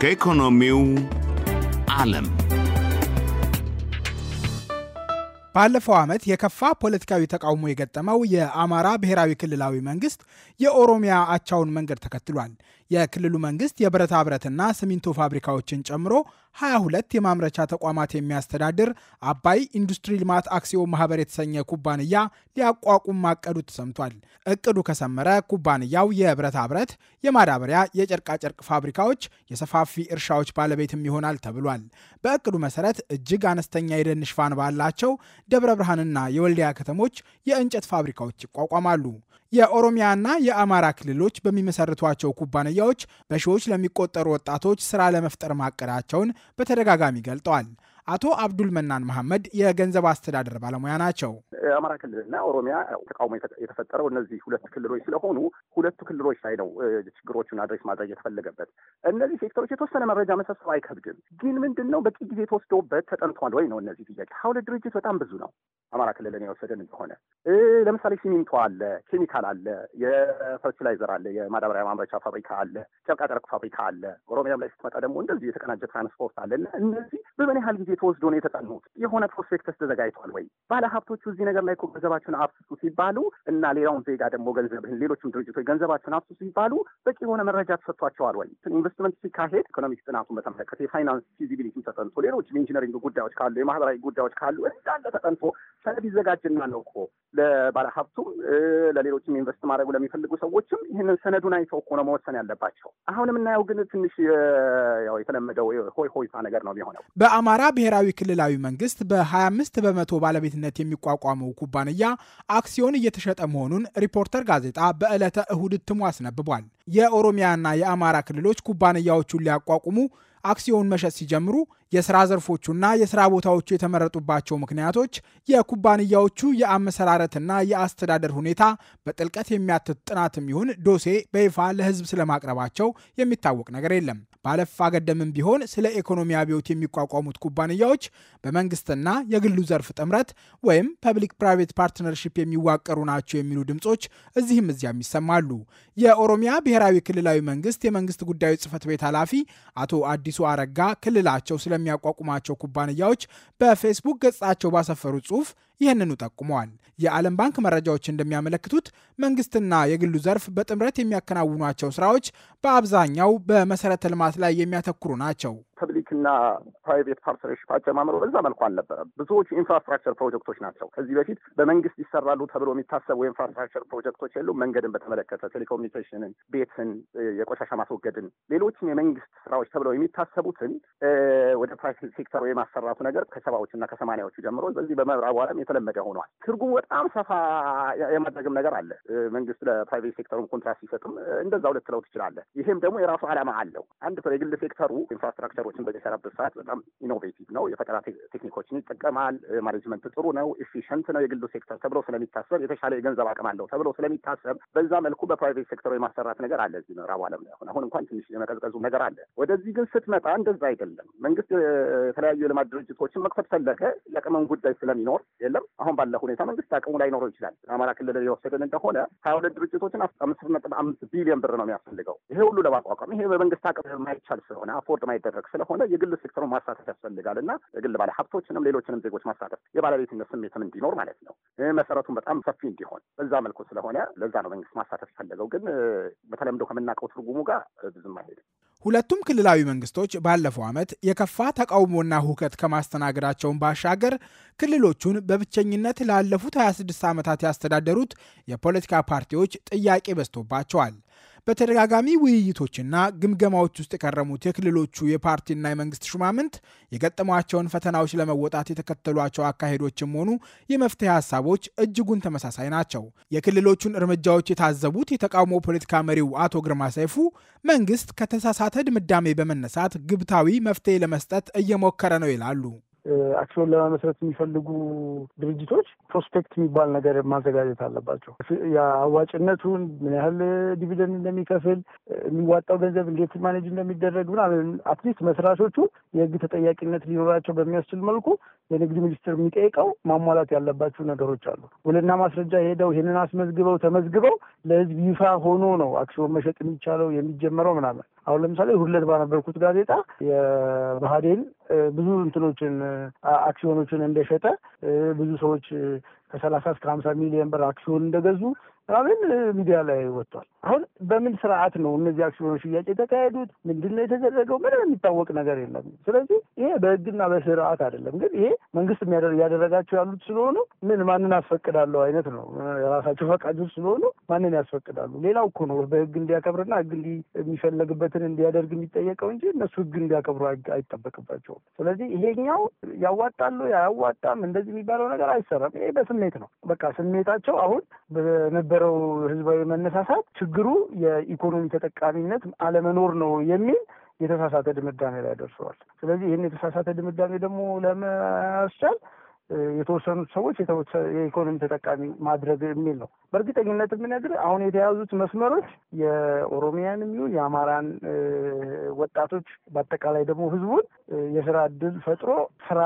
ከኢኮኖሚው ዓለም ባለፈው ዓመት የከፋ ፖለቲካዊ ተቃውሞ የገጠመው የአማራ ብሔራዊ ክልላዊ መንግስት የኦሮሚያ አቻውን መንገድ ተከትሏል። የክልሉ መንግስት የብረታ ብረትና ሲሚንቶ ፋብሪካዎችን ጨምሮ 22 የማምረቻ ተቋማት የሚያስተዳድር አባይ ኢንዱስትሪ ልማት አክሲዮን ማህበር የተሰኘ ኩባንያ ሊያቋቁም ማቀዱ ተሰምቷል። እቅዱ ከሰመረ ኩባንያው የብረታ ብረት፣ የማዳበሪያ፣ የጨርቃጨርቅ ፋብሪካዎች፣ የሰፋፊ እርሻዎች ባለቤትም ይሆናል ተብሏል። በእቅዱ መሰረት እጅግ አነስተኛ የደን ሽፋን ባላቸው ደብረ ብርሃንና የወልዲያ ከተሞች የእንጨት ፋብሪካዎች ይቋቋማሉ። የኦሮሚያና የአማራ ክልሎች በሚመሰርቷቸው ኩባንያዎች በሺዎች ለሚቆጠሩ ወጣቶች ስራ ለመፍጠር ማቀዳቸውን በተደጋጋሚ ገልጠዋል። አቶ አብዱል መናን መሐመድ የገንዘብ አስተዳደር ባለሙያ ናቸው። አማራ ክልልና ኦሮሚያ ተቃውሞ የተፈጠረው እነዚህ ሁለት ክልሎች ስለሆኑ ሁለቱ ክልሎች ላይ ነው ችግሮቹን አድሬስ ማድረግ የተፈለገበት። እነዚህ ሴክተሮች የተወሰነ መረጃ መሰብሰብ አይከብድም፣ ግን ምንድን ነው በቂ ጊዜ ተወስዶበት ተጠንቷል ወይ ነው እነዚህ ጥያቄ። ሀውለ ድርጅት በጣም ብዙ ነው። አማራ ክልልን የወሰደን እንደሆነ ለምሳሌ ሲሚንቶ አለ፣ ኬሚካል አለ፣ የፈርቲላይዘር አለ፣ የማዳበሪያ ማምረቻ ፋብሪካ አለ፣ ጨርቃጨርቅ ፋብሪካ አለ። ኦሮሚያም ላይ ስትመጣ ደግሞ እንደዚህ የተቀናጀ ትራንስፖርት አለ እና እነዚህ በምን ያህል ጊዜ እንዴት ወስዶ ነው የተጠኑት? የሆነ ፕሮስፔክተስ ተዘጋጅቷል ወይ? ባለ ሀብቶቹ እዚህ ነገር ላይ ገንዘባችሁን አፍስሱ ሲባሉ እና ሌላውን ዜጋ ደግሞ ገንዘብህን፣ ሌሎችም ድርጅቶች ገንዘባችሁን አፍስሱ ሲባሉ በቂ የሆነ መረጃ ተሰጥቷቸዋል ወይ? ኢንቨስትመንት ሲካሄድ ኢኮኖሚክ ጥናቱን በተመለከተ የፋይናንስ ፊዚቢሊቲ ተጠንቶ፣ ሌሎች ኢንጂነሪንግ ጉዳዮች ካሉ፣ የማህበራዊ ጉዳዮች ካሉ እንዳለ ተጠንቶ ሰነድ ይዘጋጅናል እኮ ለባለሀብቱም ለሌሎችም ኢንቨስት ማድረጉ ለሚፈልጉ ሰዎችም ይህንን ሰነዱን አይተው እኮ ነው መወሰን ያለባቸው። አሁን የምናየው ግን ትንሽ ያው የተለመደው ሆይ ሆይታ ነገር ነው የሚሆነው። በአማራ ብሔራዊ ክልላዊ መንግስት በሀያ አምስት በመቶ ባለቤትነት የሚቋቋመው ኩባንያ አክሲዮን እየተሸጠ መሆኑን ሪፖርተር ጋዜጣ በዕለተ እሁድ እትሙ አስነብቧል። የኦሮሚያና የአማራ ክልሎች ኩባንያዎቹን ሊያቋቁሙ አክሲዮን መሸጥ ሲጀምሩ የስራ ዘርፎቹና የስራ ቦታዎቹ የተመረጡባቸው ምክንያቶች የኩባንያዎቹ የአመሰራረትና የአስተዳደር ሁኔታ በጥልቀት የሚያትት ጥናትም ይሁን ዶሴ በይፋ ለሕዝብ ስለማቅረባቸው የሚታወቅ ነገር የለም። ባለፋ ገደምም ቢሆን ስለ ኢኮኖሚ አብዮት የሚቋቋሙት ኩባንያዎች በመንግስትና የግሉ ዘርፍ ጥምረት ወይም ፐብሊክ ፕራይቬት ፓርትነርሺፕ የሚዋቀሩ ናቸው የሚሉ ድምጾች እዚህም እዚያም ይሰማሉ። የኦሮሚያ ብሔራዊ ክልላዊ መንግስት የመንግስት ጉዳዮች ጽህፈት ቤት ኃላፊ አቶ አዲሱ አረጋ ክልላቸው ስለሚያቋቁማቸው ኩባንያዎች በፌስቡክ ገጻቸው ባሰፈሩ ጽሁፍ ይህንኑ ጠቁመዋል። የዓለም ባንክ መረጃዎች እንደሚያመለክቱት መንግስትና የግሉ ዘርፍ በጥምረት የሚያከናውኗቸው ስራዎች በአብዛኛው በመሰረተ ልማት ላይ የሚያተኩሩ ናቸው። ፐብሊክና ፕራይቬት ፓርትነርሽፕ አጀማምሮ በዛ መልኩ አልነበረም። ብዙዎቹ ኢንፍራስትራክቸር ፕሮጀክቶች ናቸው። ከዚህ በፊት በመንግስት ይሰራሉ ተብሎ የሚታሰቡ ኢንፍራስትራክቸር ፕሮጀክቶች የሉም። መንገድን በተመለከተ ቴሌኮሙኒኬሽንን፣ ቤትን፣ የቆሻሻ ማስወገድን፣ ሌሎችን የመንግስት ስራዎች ተብለው የሚታሰቡትን ወደ ፕራይቬት ሴክተሩ የማሰራቱ ነገር ከሰባዎችና ከሰማኒያዎቹ ጀምሮ በዚህ በምዕራቡ ዓለም የተለመደ ሆኗል። ትርጉሙ በጣም ሰፋ የማድረግም ነገር አለ። መንግስት ለፕራይቬት ሴክተሩን ኮንትራት ሲሰጥም ሁለት ልትለው ትችላለህ። ይሄም ደግሞ የራሱ ዓላማ አለው። አንድ የግል ሴክተሩ ኢንፍራስትራክቸር ነገሮችን በሚሰራበት ሰዓት በጣም ኢኖቬቲቭ ነው፣ የፈጠራ ቴክኒኮችን ይጠቀማል። ማኔጅመንት ጥሩ ነው፣ ኤፊሽንት ነው የግሉ ሴክተር ተብሎ ስለሚታሰብ የተሻለ የገንዘብ አቅም አለው ተብሎ ስለሚታሰብ በዛ መልኩ በፕራይቬት ሴክተሩ የማሰራት ነገር አለ እዚህ ምዕራቡ ዓለም ላይ አሁን አሁን እንኳን ትንሽ የመቀዝቀዙ ነገር አለ። ወደዚህ ግን ስትመጣ እንደዛ አይደለም። መንግስት የተለያዩ የልማት ድርጅቶችን መክፈት ፈለገ የአቅምን ጉዳይ ስለሚኖር የለም አሁን ባለ ሁኔታ መንግስት አቅሙ ላይኖረው ይችላል። አማራ ክልል የወሰደን እንደሆነ ሀያ ሁለት ድርጅቶችን አምስት ነጥብ አምስት ቢሊዮን ብር ነው የሚያስፈልገው ይሄ ሁሉ ለማቋቋም ይሄ በመንግስት አቅም የማይቻል ስለሆነ አፎርድ ማይደረግ ስለሆነ የግል ሴክተሩን ማሳተፍ ያስፈልጋል እና የግል ሀብቶችንም ሌሎችንም ዜጎች ማሳተፍ የባለቤትነት ስሜትም እንዲኖር ማለት ነው። መሰረቱን በጣም ሰፊ እንዲሆን በዛ መልኩ ስለሆነ ለዛ ነው መንግስት ማሳተፍ የፈለገው። ግን በተለምዶ ከምናውቀው ትርጉሙ ጋር ብዙም አይሄድም። ሁለቱም ክልላዊ መንግስቶች ባለፈው ዓመት የከፋ ተቃውሞና ሁከት ከማስተናገዳቸውን ባሻገር ክልሎቹን በብቸኝነት ላለፉት 26 ዓመታት ያስተዳደሩት የፖለቲካ ፓርቲዎች ጥያቄ በዝቶባቸዋል። በተደጋጋሚ ውይይቶችና ግምገማዎች ውስጥ የከረሙት የክልሎቹ የፓርቲና የመንግስት ሹማምንት የገጠሟቸውን ፈተናዎች ለመወጣት የተከተሏቸው አካሄዶችም ሆኑ የመፍትሄ ሀሳቦች እጅጉን ተመሳሳይ ናቸው። የክልሎቹን እርምጃዎች የታዘቡት የተቃውሞ ፖለቲካ መሪው አቶ ግርማ ሰይፉ መንግስት ከተሳሳተ ድምዳሜ በመነሳት ግብታዊ መፍትሄ ለመስጠት እየሞከረ ነው ይላሉ። አክሲዮን ለመመስረት የሚፈልጉ ድርጅቶች ፕሮስፔክት የሚባል ነገር ማዘጋጀት አለባቸው። የአዋጭነቱን ምን ያህል ዲቪደንድ እንደሚከፍል፣ የሚዋጣው ገንዘብ እንዴት ማኔጅ እንደሚደረግ ምናምን አትሊስት መስራቾቹ የህግ ተጠያቂነት ሊኖራቸው በሚያስችል መልኩ የንግድ ሚኒስቴር የሚጠይቀው ማሟላት ያለባቸው ነገሮች አሉ። ውልና ማስረጃ ሄደው ይህንን አስመዝግበው ተመዝግበው ለህዝብ ይፋ ሆኖ ነው አክሲዮን መሸጥ የሚቻለው የሚጀመረው ምናምን አሁን ለምሳሌ ሁለት ባነበርኩት ጋዜጣ የባህዴን ብዙ እንትኖችን አክሲዮኖችን እንደሸጠ ብዙ ሰዎች ከሰላሳ እስከ ሀምሳ ሚሊዮን ብር አክሲዮን እንደገዙ ምናምን ሚዲያ ላይ ወጥቷል። አሁን በምን ስርዓት ነው እነዚህ አክሲዮኖች ሽያጭ የተካሄዱት? ምንድን ነው የተደረገው? ምንም የሚታወቅ ነገር የለም። ስለዚህ ይሄ በህግና በስርዓት አይደለም። ግን ይሄ መንግስት እያደረጋቸው ያሉት ስለሆኑ ምን ማንን አስፈቅዳለሁ አይነት ነው። የራሳቸው ፈቃጆች ስለሆኑ ማንን ያስፈቅዳሉ? ሌላው እኮ ነው በህግ እንዲያከብርና ህግ የሚፈለግበትን እንዲያደርግ የሚጠየቀው እንጂ እነሱ ህግ እንዲያከብሩ አይጠበቅባቸውም። ስለዚህ ይሄኛው ያዋጣሉ አያዋጣም እንደዚህ የሚባለው ነገር አይሰራም። ይሄ በስም ስሜት ነው። በቃ ስሜታቸው አሁን በነበረው ህዝባዊ መነሳሳት ችግሩ የኢኮኖሚ ተጠቃሚነት አለመኖር ነው የሚል የተሳሳተ ድምዳሜ ላይ ደርሰዋል። ስለዚህ ይህን የተሳሳተ ድምዳሜ ደግሞ ለማስቻል የተወሰኑት ሰዎች የኢኮኖሚ ተጠቃሚ ማድረግ የሚል ነው። በእርግጠኝነት የምነግር አሁን የተያዙት መስመሮች የኦሮሚያን ይሁን የአማራን ወጣቶች በአጠቃላይ ደግሞ ህዝቡን የስራ እድል ፈጥሮ ስራ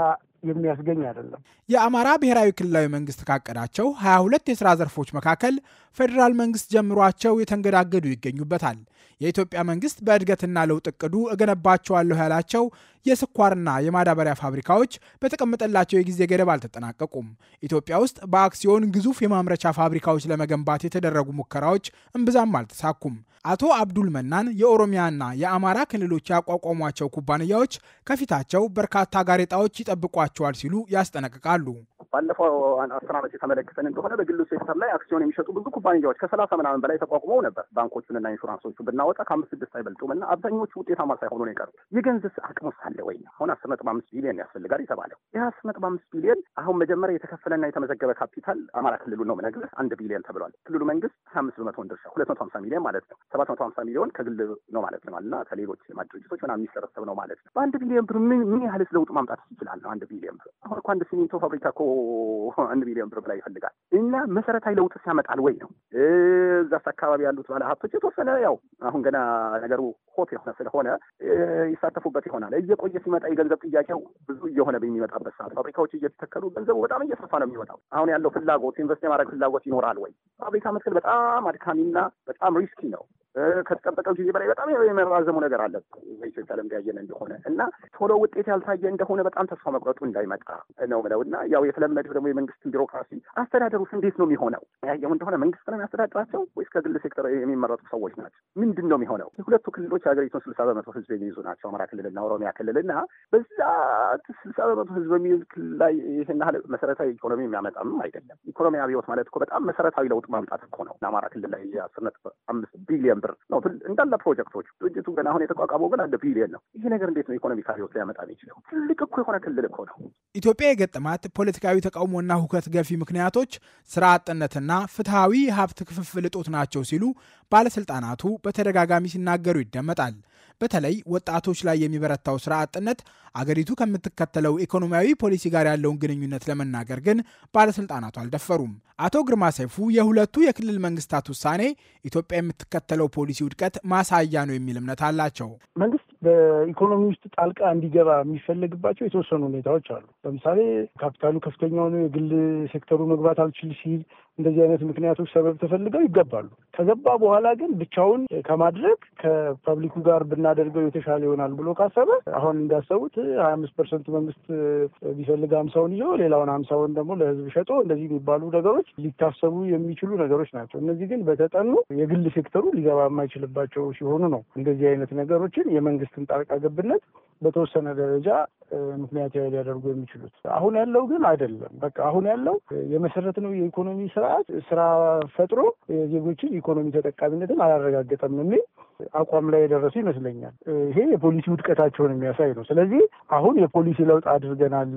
የሚያስገኝ አይደለም። የአማራ ብሔራዊ ክልላዊ መንግስት ካቀዳቸው 22 የስራ ዘርፎች መካከል ፌዴራል መንግስት ጀምሯቸው የተንገዳገዱ ይገኙበታል። የኢትዮጵያ መንግስት በእድገትና ለውጥ እቅዱ እገነባቸዋለሁ ያላቸው የስኳርና የማዳበሪያ ፋብሪካዎች በተቀመጠላቸው የጊዜ ገደብ አልተጠናቀቁም። ኢትዮጵያ ውስጥ በአክሲዮን ግዙፍ የማምረቻ ፋብሪካዎች ለመገንባት የተደረጉ ሙከራዎች እምብዛም አልተሳኩም። አቶ አብዱል መናን የኦሮሚያና የአማራ ክልሎች ያቋቋሟቸው ኩባንያዎች ከፊታቸው በርካታ ጋሬጣዎች ይጠብቋቸዋል ሲሉ ያስጠነቅቃሉ። ባለፈው አስር ዓመት የተመለከተን እንደሆነ በግሉ ሴክተር ላይ አክሲዮን የሚሸጡ ብዙ ኩባንያዎች ከሰላሳ ምናምን በላይ ተቋቁመው ነበር። ባንኮቹንና ኢንሹራንሶቹ ብናወጣ ከአምስት ስድስት አይበልጡም እና አብዛኞቹ ውጤታማ ሳይሆኑ ነው የቀሩት። የገንዘብ አቅም ሳለ ወይ አሁን አስር ነጥብ አምስት ቢሊዮን ያስፈልጋል የተባለው ይህ አስር ነጥብ አምስት ቢሊዮን አሁን መጀመሪያ የተከፈለና የተመዘገበ ካፒታል አማራ ክልሉ ነው ምነግርህ አንድ ቢሊዮን ተብሏል። ክልሉ መንግስት ሀያ አምስት በመቶውን ድርሻ ሁለት መቶ ሀምሳ ሚሊዮን ማለት ነው። ሰባት መቶ ሀምሳ ሚሊዮን ከግል ነው ማለት ነው እና ከሌሎች ልማት ድርጅቶች ምናምን የሚሰበሰብ ነው ማለት ነው። በአንድ ቢሊዮን ብር ምን ምን ያህልስ ለውጥ ማምጣት ይችላል ነው አንድ ቢሊዮን ብር አሁን እኮ አንድ ሲሚንቶ ፋብሪካ እኮ አንድ ሚሊዮን ብር ብላ ይፈልጋል እና መሰረታዊ ለውጥ ያመጣል ወይ ነው። እዛስ አካባቢ ያሉት ባለሀብቶች የተወሰነ ያው አሁን ገና ነገሩ ሆት የሆነ ስለሆነ ይሳተፉበት ይሆናል። እየቆየ ሲመጣ የገንዘብ ጥያቄው ብዙ እየሆነ በሚመጣበት ሰዓት ፋብሪካዎች እየተተከሉ ገንዘቡ በጣም እየሰፋ ነው የሚወጣው። አሁን ያለው ፍላጎት ኢንቨስት የማድረግ ፍላጎት ይኖራል ወይ? ፋብሪካ መትከል በጣም አድካሚና በጣም ሪስኪ ነው። ከተጠበቀው ጊዜ በላይ በጣም የመራዘሙ ነገር አለ በኢትዮጵያ ልምድ ያየን እንደሆነ እና ቶሎ ውጤት ያልታየ እንደሆነ በጣም ተስፋ መቁረጡ እንዳይመጣ ነው ምለው እና ያው የተለመደው ደግሞ የመንግስትን ቢሮክራሲ አስተዳደሩስ እንዴት ነው የሚሆነው? ያየው እንደሆነ መንግስት ነው የሚያስተዳድራቸው ወይስ ከግል ሴክተር የሚመረጡ ሰዎች ናቸው? ምንድን ነው የሚሆነው? የሁለቱ ክልሎች የሀገሪቱን ስልሳ በመቶ ህዝብ የሚይዙ ናቸው፣ አማራ ክልልና ኦሮሚያ ክልል እና በዛ ስልሳ በመቶ ህዝብ የሚይዝ ክልል ላይ ይህን ያህል መሰረታዊ ኢኮኖሚ የሚያመጣም አይደለም። ኢኮኖሚ አብዮት ማለት እኮ በጣም መሰረታዊ ለውጥ ማምጣት እኮ ነው። ለአማራ ክልል ላይ የአስር ነጥብ አምስት ቢሊዮን ብር ነው እንዳለ ፕሮጀክቶች። ድርጅቱ ገና አሁን የተቋቋመው ግን አንድ ቢሊየን ነው። ይሄ ነገር እንዴት ነው ኢኮኖሚ ህይወት ሊያመጣ የሚችለው? ትልቅ እኮ የሆነ ክልል እኮ ነው። ኢትዮጵያ የገጠማት ፖለቲካዊ ተቃውሞና ሁከት ገፊ ምክንያቶች ስራ አጥነትና ፍትሐዊ ሀብት ክፍፍል እጦት ናቸው ሲሉ ባለስልጣናቱ በተደጋጋሚ ሲናገሩ ይደመጣል። በተለይ ወጣቶች ላይ የሚበረታው ስራ አጥነት አገሪቱ ከምትከተለው ኢኮኖሚያዊ ፖሊሲ ጋር ያለውን ግንኙነት ለመናገር ግን ባለስልጣናቱ አልደፈሩም። አቶ ግርማ ሰይፉ የሁለቱ የክልል መንግስታት ውሳኔ ኢትዮጵያ የምትከተለው ፖሊሲ ውድቀት ማሳያ ነው የሚል እምነት አላቸው። መንግስት በኢኮኖሚ ውስጥ ጣልቃ እንዲገባ የሚፈለግባቸው የተወሰኑ ሁኔታዎች አሉ። ለምሳሌ ካፒታሉ ከፍተኛ ሆኖ የግል ሴክተሩ መግባት አልችል ሲል እንደዚህ አይነት ምክንያቶች ሰበብ ተፈልገው ይገባሉ። ከገባ በኋላ ግን ብቻውን ከማድረግ ከፐብሊኩ ጋር ብናደርገው የተሻለ ይሆናል ብሎ ካሰበ አሁን እንዳሰቡት ሀያ አምስት ፐርሰንት መንግስት ቢፈልግ ሀምሳውን ይዞ ሌላውን ሀምሳውን ደግሞ ለህዝብ ሸጦ እንደዚህ የሚባሉ ነገሮች ሊታሰቡ የሚችሉ ነገሮች ናቸው። እነዚህ ግን በተጠኑ የግል ሴክተሩ ሊገባ የማይችልባቸው ሲሆኑ ነው። እንደዚህ አይነት ነገሮችን የመንግስትን ጣልቃ ገብነት በተወሰነ ደረጃ ምክንያታዊ ሊያደርጉ የሚችሉት። አሁን ያለው ግን አይደለም። በቃ አሁን ያለው የመሰረት ነው የኢኮኖሚ ስርዓት ስራ ፈጥሮ የዜጎችን ኢኮኖሚ ተጠቃሚነትን አላረጋገጠም የሚል አቋም ላይ የደረሱ ይመስለኛል። ይሄ የፖሊሲ ውድቀታቸውን የሚያሳይ ነው። ስለዚህ አሁን የፖሊሲ ለውጥ አድርገናል፣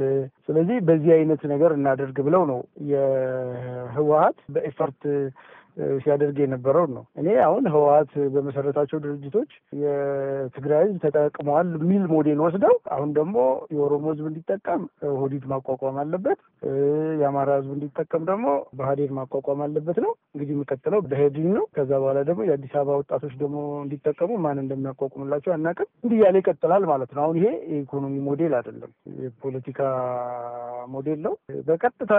ስለዚህ በዚህ አይነት ነገር እናደርግ ብለው ነው የህወሀት በኤፈርት ሲያደርግ የነበረው ነው። እኔ አሁን ህወሀት በመሰረታቸው ድርጅቶች የትግራይ ህዝብ ተጠቅመዋል የሚል ሞዴል ወስደው አሁን ደግሞ የኦሮሞ ህዝብ እንዲጠቀም ሆዲድ ማቋቋም አለበት፣ የአማራ ህዝብ እንዲጠቀም ደግሞ ባህዴን ማቋቋም አለበት ነው። እንግዲህ የሚቀጥለው በሄድኝ ነው። ከዛ በኋላ ደግሞ የአዲስ አበባ ወጣቶች ደግሞ እንዲጠቀሙ ማን እንደሚያቋቁምላቸው አናውቅም። እንዲህ እያለ ይቀጥላል ማለት ነው። አሁን ይሄ የኢኮኖሚ ሞዴል አይደለም የፖለቲካ ሞዴል ነው። በቀጥታ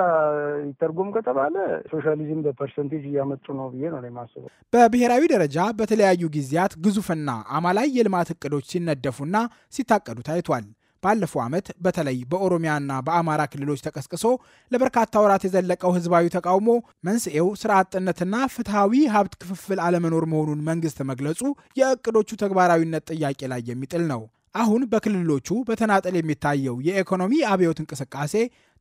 ይተርጎም ከተባለ ሶሻሊዝም በፐርሰንቴጅ እያመጡ ነው ብዬ ነው የማስበው። በብሔራዊ ደረጃ በተለያዩ ጊዜያት ግዙፍና አማላይ የልማት እቅዶች ሲነደፉና ሲታቀዱ ታይቷል። ባለፈው ዓመት በተለይ በኦሮሚያና በአማራ ክልሎች ተቀስቅሶ ለበርካታ ወራት የዘለቀው ህዝባዊ ተቃውሞ መንስኤው ስራ አጥነትና ፍትሐዊ ሀብት ክፍፍል አለመኖር መሆኑን መንግስት መግለጹ የእቅዶቹ ተግባራዊነት ጥያቄ ላይ የሚጥል ነው። አሁን በክልሎቹ በተናጠል የሚታየው የኢኮኖሚ አብዮት እንቅስቃሴ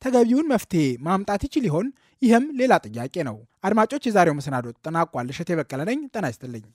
ተገቢውን መፍትሄ ማምጣት ይችል ይሆን? ይህም ሌላ ጥያቄ ነው። አድማጮች፣ የዛሬው መሰናዶ ተጠናቋል። እሸቴ በቀለ ነኝ። ጤና ይስጥልኝ።